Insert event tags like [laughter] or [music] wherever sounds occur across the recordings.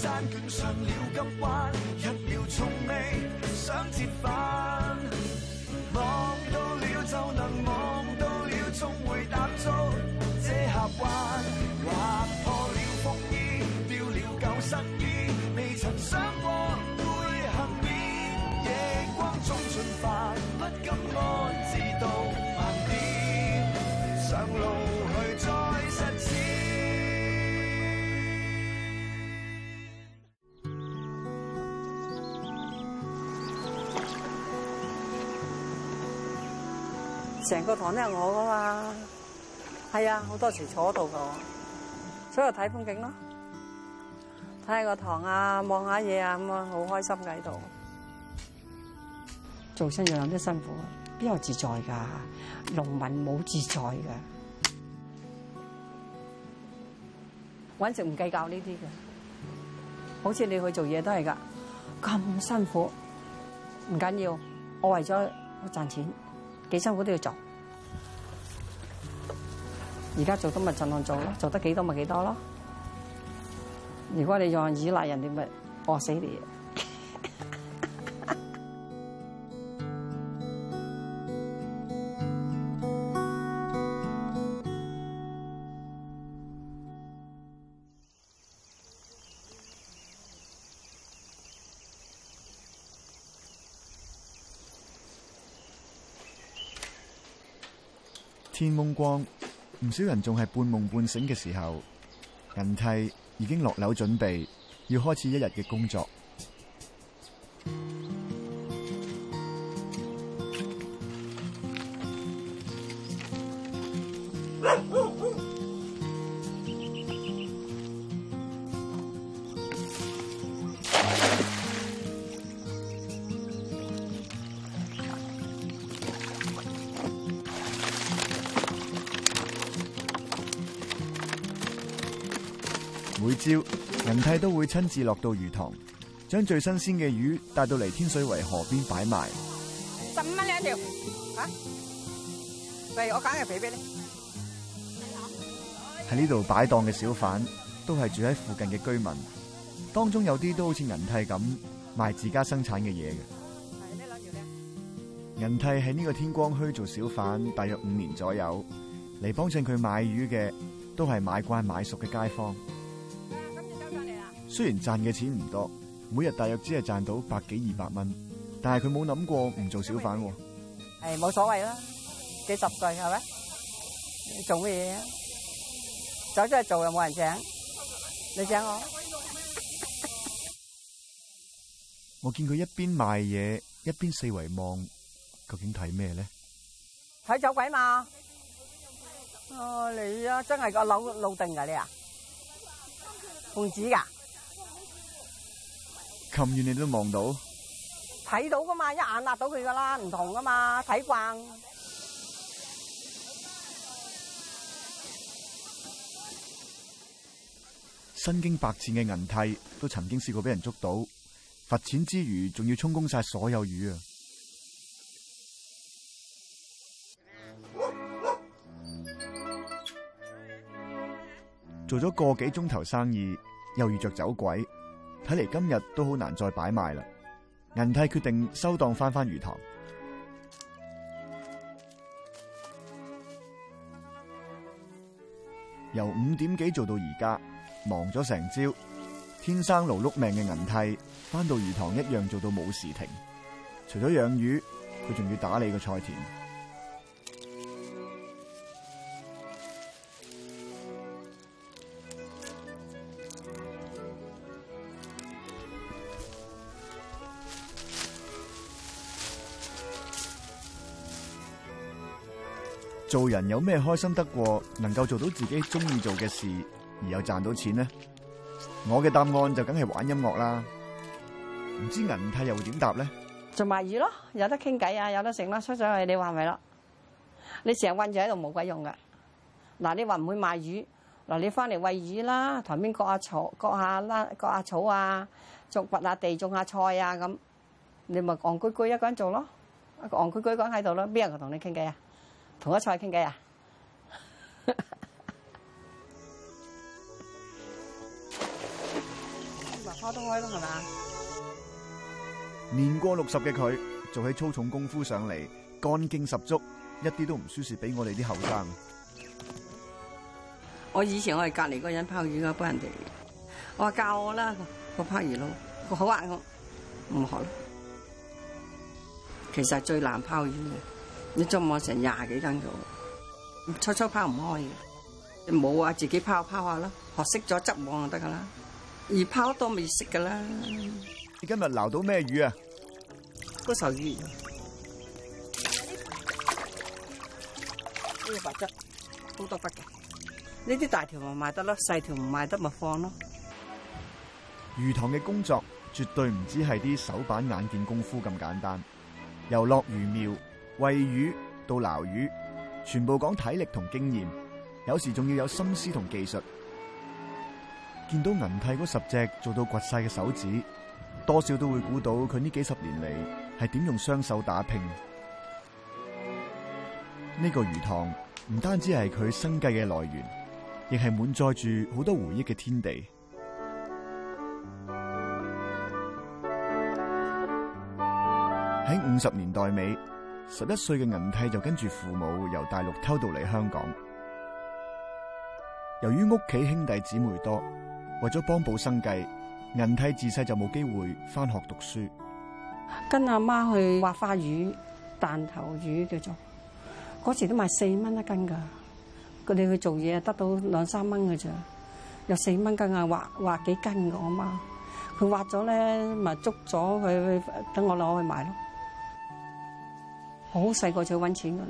山捲上了金彎，一秒從未想折返。望到了就能望到了，終會踏足這峽灣。劃破了風衣，掉了舊身成個塘都係我噶嘛，係啊，好多時坐喺度噶，所以睇風景咯，睇下個塘啊，望下嘢啊，咁啊，好開心嘅喺度。做生意有啲辛苦，邊有自在噶？農民冇自在嘅，搵食唔計較呢啲嘅，好似你去做嘢都係噶，咁辛苦，唔緊要，我為咗我賺錢。幾辛苦都要做，而家做得咪儘量做咯，做得幾多咪幾多咯。如果你用依賴人哋咪餓死你。天蒙光，唔少人仲係半夢半醒嘅時候，銀娣已經落樓，準備要開始一日嘅工作。招銀娣都會親自落到魚塘，將最新鮮嘅魚帶到嚟天水圍河邊擺賣。十五蚊兩條，吓？喂，我揀嘅畀畀你。喺呢度擺檔嘅小販都係住喺附近嘅居民，當中有啲都好似銀娣咁賣自家生產嘅嘢嘅。係呢條靚。銀娣喺呢個天光墟做小販大約五年左右，嚟幫襯佢買魚嘅都係買慣買熟嘅街坊。雖然賺嘅錢唔多，每日大約只係賺到百幾二百蚊，但係佢冇諗過唔做小販。唉，冇所謂啦，幾十歲係咪？做乜嘢？走出去做又冇人請，你請我？我見佢一邊賣嘢，一邊四圍望，究竟睇咩咧？睇走鬼嘛？哦，你啊，真係個老老定噶你啊，胖子噶咁遠你都望到？睇到噶嘛，一眼揦到佢噶啦，唔同噶嘛，睇慣。身經百戰嘅銀娣都曾經試過俾人捉到，罰錢之餘，仲要充公晒所有魚啊！做咗個幾鐘頭生意，又遇着走鬼。睇嚟今日都好難再擺賣啦！銀娣決定收檔返返魚塘，由五點幾做到而家，忙咗成朝。天生勞碌命嘅銀娣，返到魚塘一樣做到冇時停。除咗養魚，佢仲要打理個菜田。做人有咩開心得過？能夠做到自己中意做嘅事，而又賺到錢咧？我嘅答案就梗係玩音樂啦。唔知銀娣又點答咧？做賣魚咯，有得傾偈啊，有得食啦，出上去你話咪咯？你成日韞住喺度冇鬼用噶嗱，你話唔會賣魚？嗱，你翻嚟餵魚啦，塘邊割下草，割下啦，割下草啊，種掘下地，種下菜啊咁，你咪戇居居一個人做咯，戇居居一個人喺度咯，邊人同你傾偈啊？同我坐埋傾偈啊！話拋得開咯，係嘛？年過六十嘅佢做起粗重功夫上嚟，幹勁十足，一啲都唔輸蝕俾我哋啲後生。我以前我係隔離嗰個人拋魚噶，幫人哋。我話教我啦，個拋魚佬，好啊，我唔學。其實係最難拋魚嘅。你執網成廿幾斤嘅，初初拋唔開嘅，冇啊，自己拋拋下咯，學識咗執網就得噶啦。而拋都未咪識噶啦。你今日撈到咩魚啊？嗰手魚，呢個白質好多骨嘅，呢啲大條咪賣得咯，細條唔賣得咪放咯。魚塘嘅工作絕對唔止係啲手板眼見功夫咁簡單，由落魚苗。餵魚到撈魚，全部講體力同經驗，有時仲要有心思同技術。見到銀娣嗰十隻做到掘晒嘅手指，多少都會估到佢呢幾十年嚟係點用雙手打拼。呢個魚塘唔單止係佢生計嘅來源，亦係滿載住好多回憶嘅天地。喺五十年代尾。十一歲嘅銀娣就跟住父母由大陸偷渡嚟香港。由於屋企兄弟姊妹多，為咗幫補生計，銀娣自細就冇機會返學讀書。跟阿媽去挖花魚、彈頭魚叫做，嗰時都賣四蚊一斤噶。佢哋去做嘢得到兩三蚊嘅咋，元有四蚊斤啊挖挖幾斤嘅。我媽佢挖咗咧，咪捉咗佢，等我攞去賣咯。好細個就去搵錢噶啦，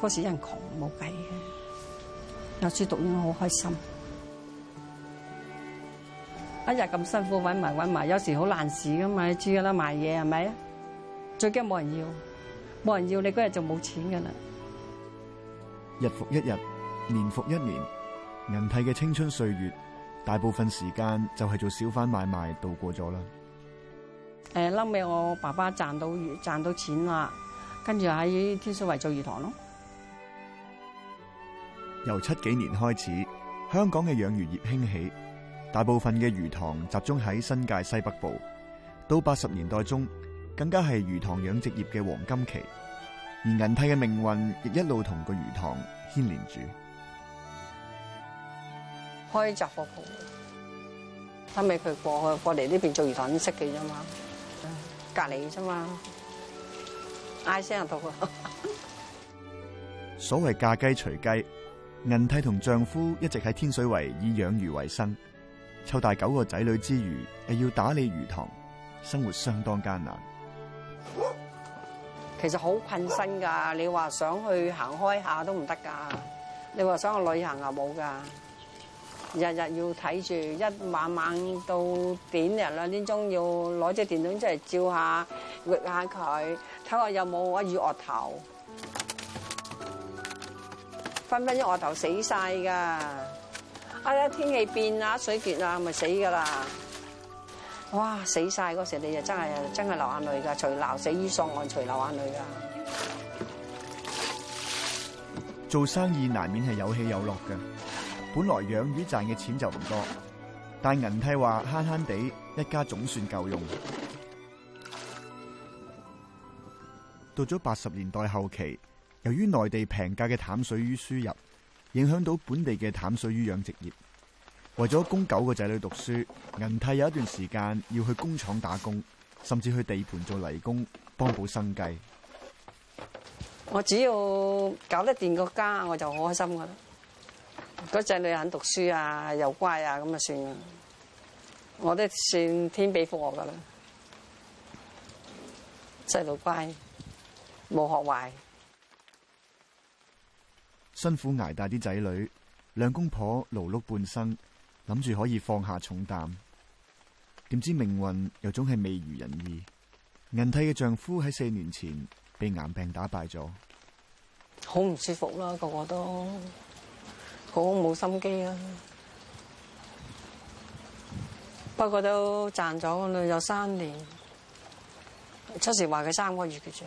嗰時真係窮冇計嘅。有時候讀書讀完我好開心，一日咁辛苦搵埋搵埋，有時好難事噶嘛，你知噶啦賣嘢係咪？最驚冇人要，冇人要你嗰日就冇錢噶啦。日復一日，年復一年，銀娣嘅青春歲月，大部分時間就係做小販買賣度過咗啦。誒、哎，臨尾我爸爸賺到賺到錢啦。跟住喺天水圍做魚塘咯。由七幾年開始，香港嘅養魚業興起，大部分嘅魚塘集中喺新界西北部。到八十年代中，更加係魚塘養殖業嘅黃金期。而銀娣嘅命運亦一路同個魚塘牽連住。開雜貨鋪，係咪佢過去過嚟呢邊做魚塘識嘅啫嘛？隔籬啫嘛。嗌聲就到啦。 [laughs] 所謂嫁雞隨雞，銀娣同丈夫一直喺天水圍以養魚為生，湊大九個仔女之餘，又要打理魚塘，生活相當艱難。其實好困身噶，你話想去行開下都唔得噶，你話想去旅行又冇噶，日日要睇住一晚晚到點，日兩,兩點鐘要攞隻電筒出嚟照下、搣下佢。睇下有冇阿魚鱷頭，分分鐘鱷頭死晒㗎！啊呀，天氣變啊，水結啊，咪死㗎啦！哇，死晒嗰時你就真係真係流眼淚㗎，除流死魚上岸，除流眼淚㗎。做生意難免係有起有落㗎，本來養魚賺嘅錢就唔多，但銀娣話慳慳地一家總算夠用。到咗八十年代後期，由於內地平價嘅淡水魚輸入，影響到本地嘅淡水魚養殖業。為咗供九個仔女讀書，銀娣有一段時間要去工廠打工，甚至去地盤做泥工，幫補生計。我只要搞得掂個家，我就好開心噶啦。嗰仔女肯讀書啊，又乖啊，咁啊算啦。我都算天俾福我噶啦，細路乖。冇學壞，辛苦捱大啲仔女，兩公婆勞碌半生，諗住可以放下重擔，點知命運又總係未如人意。銀娣嘅丈夫喺四年前被癌病打敗咗，好唔舒服啦，個個都，個個都好冇心機啊。不過都賺咗啦，有三年，出事話佢三個月嘅啫。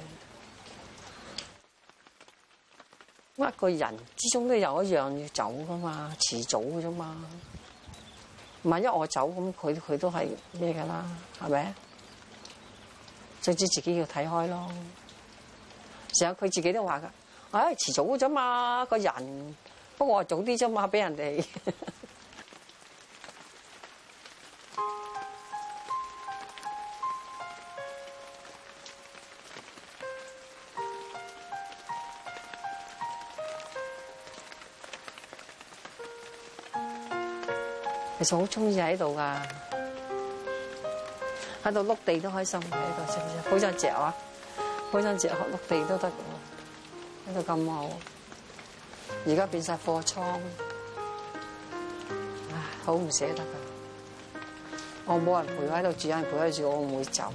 一個人之中都有一樣要走噶嘛，遲早噶啫嘛。萬一我走咁，佢佢都係咩噶啦，係咪？總之自己要睇開咯。成日佢自己都話噶，唉、哎，遲早噶啫嘛，個人。不過我早啲啫嘛，俾人哋。其實好中意喺度㗎。喺度碌地都開心喺度，知唔知？好想只啊，好想只碌地都得喎，喺度咁好。而家變晒貨倉，唉，好唔捨得㗎！我冇人陪我喺度，有人陪我住我唔會走。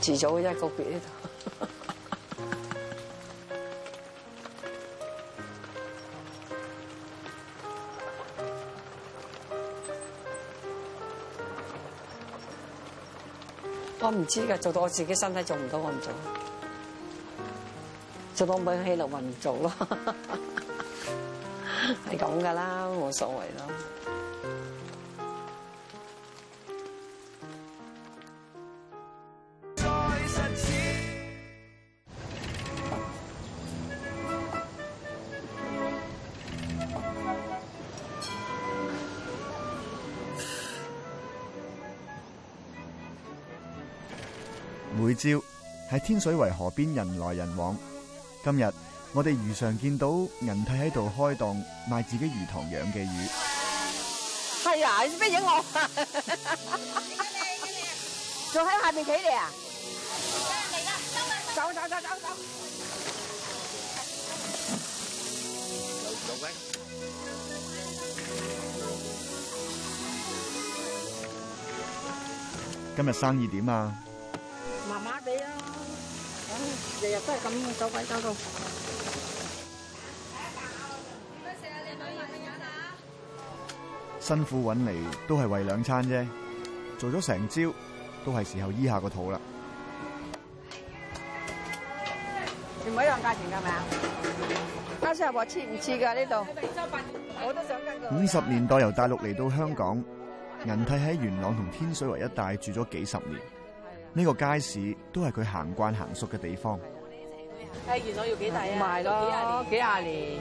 遲早真係告別喺度。我唔知噶，做到我自己身體做唔到，我唔做。做到冇氣力，我唔做咯，係咁噶啦，冇 [laughs] 所謂咯。每朝喺天水圍河邊人來人往，今日我哋如常見到銀娣喺度開檔賣自己魚塘養嘅魚。係啊，你咩影我？仲 [laughs] 喺下面企嚟啊！走走走走走！走走，今日生意點啊？日日都係咁嘅，走鬼走到。辛苦揾嚟都係為兩餐啫，做咗成朝都係時候醫下個肚啦。唔係一樣價錢㗎嘛？家姐話似唔似㗎呢度？五十年代由大陸嚟到香港，銀娣喺元朗同天水圍一帶住咗幾十年。呢個街市都係佢行慣行熟嘅地，地，地，地方。地方哎、原來要幾大啊？唔係咯，幾廿年。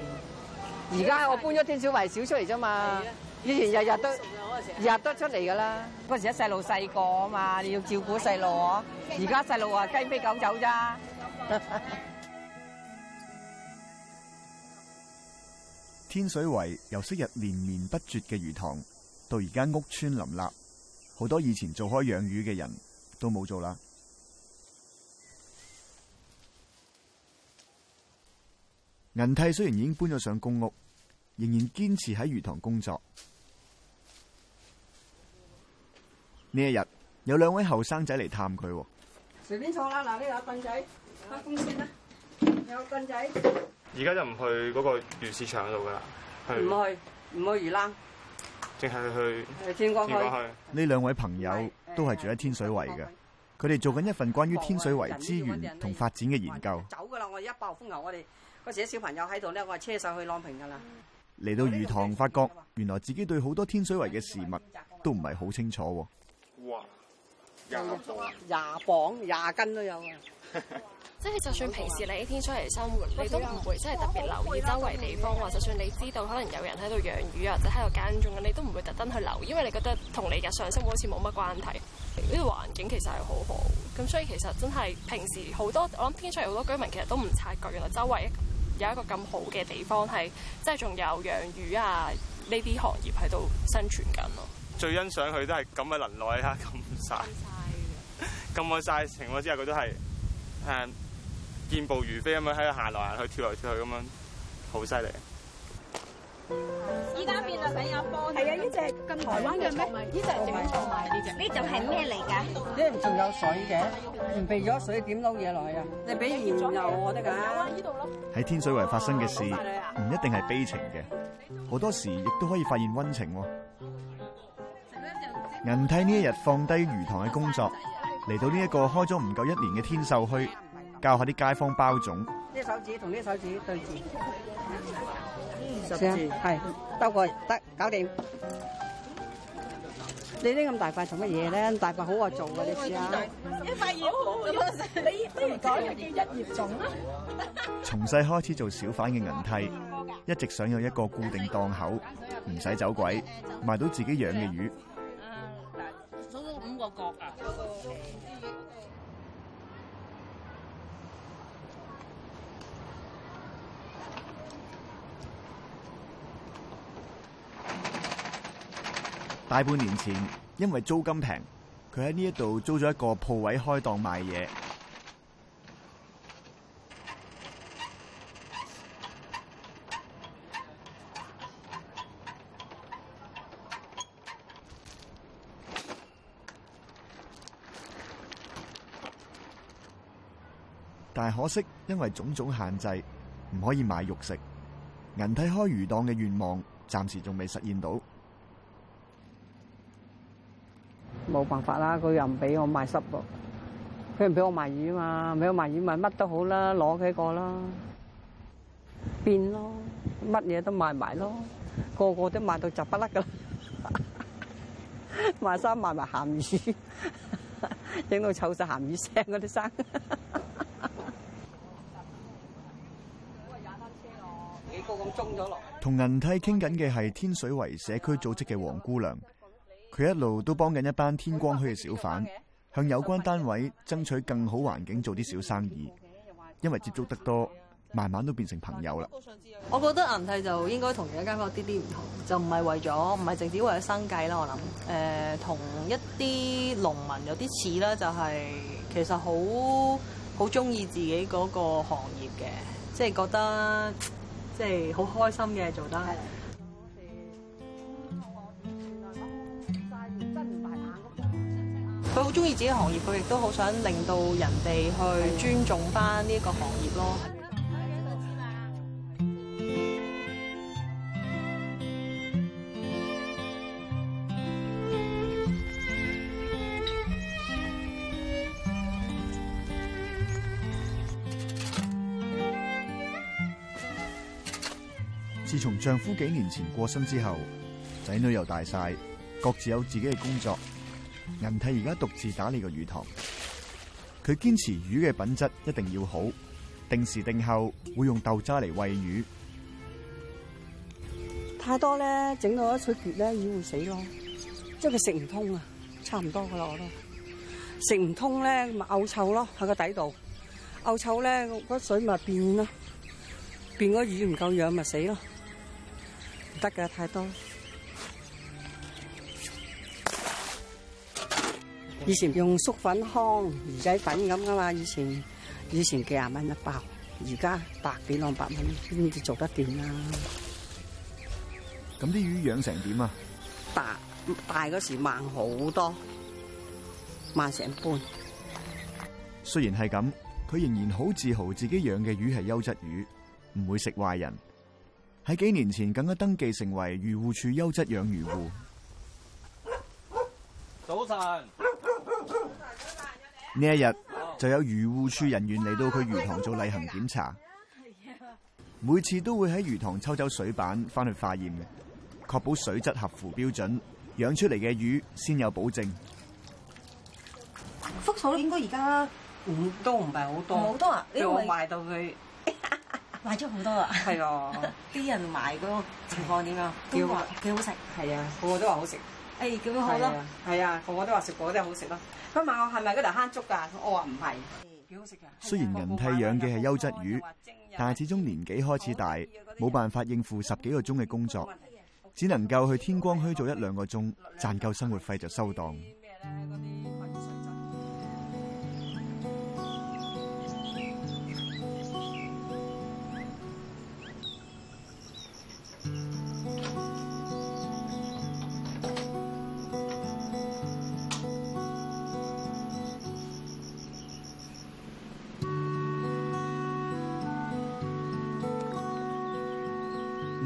而家我搬咗天水圍少出嚟啫嘛。以前日日都日日都出嚟噶啦嗰時啲細路細個啊嘛，你要照顧細路，而家細路啊，雞飛狗走咋？天水圍由昔日連綿不絕嘅魚塘，到而家屋村林立，好多以前做開養魚嘅人。都冇做啦。銀娣雖然已經搬咗上公屋，仍然堅持喺魚塘工作。呢一日有兩位後生仔嚟探佢。隨便坐啦，嗱，呢個凳仔，開風扇啦，有個凳仔。而家就唔去嗰個魚市場度噶啦，唔去，唔去魚欄。即係去，天光去。呢兩位朋友都係住喺天水圍嘅，佢哋做緊一份關於天水圍資源同發展嘅研究。走噶啦！我哋一爆風牛，我哋嗰時啲小朋友喺度咧，我哋車上去朗屏噶啦。嚟到魚塘，發覺原來自己對好多天水圍嘅事物都唔係好清楚喎。廿磅廿斤都有啊！即 [laughs] 係就算平時你喺天水嚟生活，你都唔會真係特別留意周圍地方，或就算你知道可能有人喺度養魚啊，或者喺度耕種咁，你都唔會特登去留意，因為你覺得同你日常生活好似冇乜關係。呢、這個環境其實係好好咁，所以其實真係平時好多我諗天水好多居民其實都唔察覺，原來周圍有一個咁好嘅地方，係即係仲有養魚啊呢啲行業喺度生存緊咯。最欣賞佢都係咁嘅能耐啊，咁晒。咁晒情況之後佢都係誒健步如飛咁樣喺度行來行去，跳來跳去咁樣，好犀利！依家邊度仲有科？係啊，呢隻台灣嘅咩？呢隻係邊度呢隻？呢隻係咩嚟噶？呢仲有水嘅？唔備咗水點撈嘢落去啊？你俾燃油我得噶？喺天水圍發生嘅事，唔一定係悲情嘅，好多時亦都可以發現溫情。銀娣呢一日放低魚塘嘅工作。嚟到呢一個開咗唔夠一年嘅天秀墟，教下啲街坊包粽。呢手指同呢手指對住，十字係，包過得，搞掂。你拎咁大塊做乜嘢咧？大塊好話做嘅，你試下。一塊嘢好，你不如改個叫一葉粽啦。從細開始做小販嘅銀娣，一直想有一個固定檔口，唔使走鬼，賣到自己養嘅魚。大半年前，因為租金平，佢喺呢一度租咗一個鋪位開檔賣嘢。但係可惜，因為種種限制，唔可以賣肉食，銀娣開魚檔嘅願望暫時仲未實現到。冇辦法啦，佢又唔俾我賣濕噃，佢唔俾我賣魚啊嘛，唔俾我賣魚咪乜都好啦，攞幾個啦，變咯，乜嘢都賣埋咯，個個都賣到雜不甩噶，賣衫賣埋鹹魚，整到臭曬鹹魚聲嗰啲衫。同銀娣傾緊嘅係天水圍社區組織嘅黃姑娘。佢一路都幫緊一班天光墟嘅小販，向有關單位爭取更好環境做啲小生意，因為接觸得多，慢慢都變成朋友啦。我覺得銀娣就應該同其他間有啲啲唔同，就唔係為咗，唔係淨止為咗生計啦。我諗，誒、呃，同一啲農民有啲似啦，就係其實好好中意自己嗰個行業嘅，即係覺得即係好開心嘅做得。佢好中意自己嘅行業，佢亦都好想令到人哋去尊重返呢一個行業咯。自從丈夫幾年前過身之後，仔女又大晒，各自有自己嘅工作。銀娣而家獨自打理個魚塘，佢堅持魚嘅品質一定要好，定時定候會用豆渣嚟餵魚。太多咧，整到一水濁咧，魚會死咯。即係佢食唔通啊，差唔多噶啦，我都食唔通咧，咪漚臭咯喺個底度，漚臭咧，嗰水咪變咯，變嗰魚唔夠養咪死咯，唔得噶太多。以前用粟粉糠魚仔粉咁噶嘛？以前以前幾廿蚊一包，而家百幾兩百蚊，邊啲做得掂啊？咁啲魚養成點啊？大大嗰時慢好多，慢成半。雖然係咁，佢仍然好自豪自己養嘅魚係優質魚，唔會食壞人。喺幾年前，更加登記成為漁護處優質養魚戶。早晨。呢一日就有漁護署人員嚟到佢魚塘做例行檢查，每次都會喺魚塘抽走水板翻去化驗嘅，確保水質合符標準，養出嚟嘅魚先有保證。福嫂應該而家唔都唔係好多，好多啊，呢為我賣到佢賣咗好多啊，係啊， [laughs] 啲人賣個情況點啊？都話幾好食，係啊，個個都話好食。咁幾、哎、好咯，係啊，個個、啊、都話食個都好食咯。佢問我係咪嗰度慳粥㗎？我話唔係，幾好食㗎。雖然人替養嘅係優質魚，但係始終年紀開始大，冇辦法應付十幾個鐘嘅工作，只能夠去天光墟做一兩個鐘，賺夠生活費就收檔。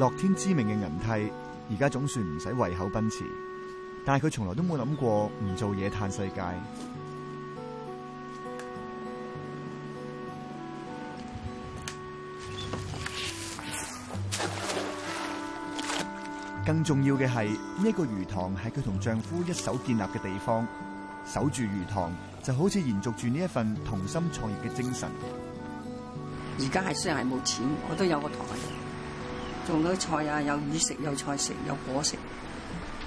樂天知命嘅銀娣，而家總算唔使為口奔馳，但係佢從來都冇諗過唔做嘢嘆世界。更重要嘅係呢個魚塘係佢同丈夫一手建立嘅地方，守住魚塘就好似延續住呢一份同心創業嘅精神。而家係雖然係冇錢，我都有個台。種到菜啊，有魚食，有菜食，有果食，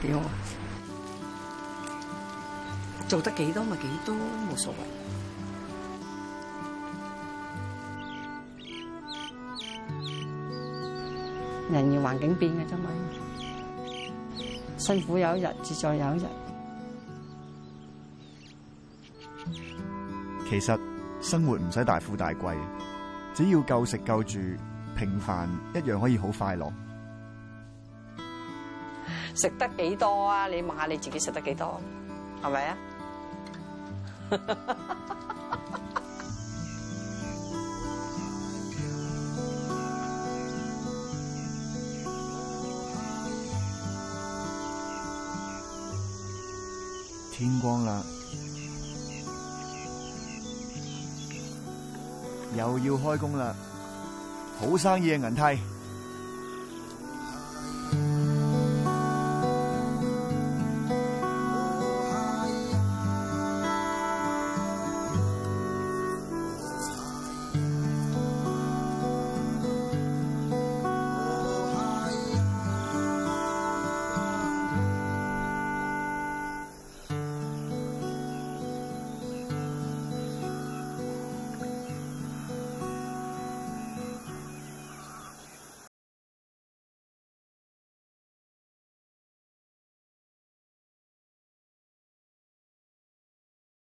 幾好啊！做得幾多咪幾多，冇所謂。人與環境變嘅啫嘛，辛苦有一日，自在有一日。其實生活唔使大富大貴，只要夠食夠住。平凡一樣可以好快樂，食得幾多啊？你問下你自己食得幾多，係咪啊？ [laughs] 天光啦，又要開工啦。好生意啊，銀娣！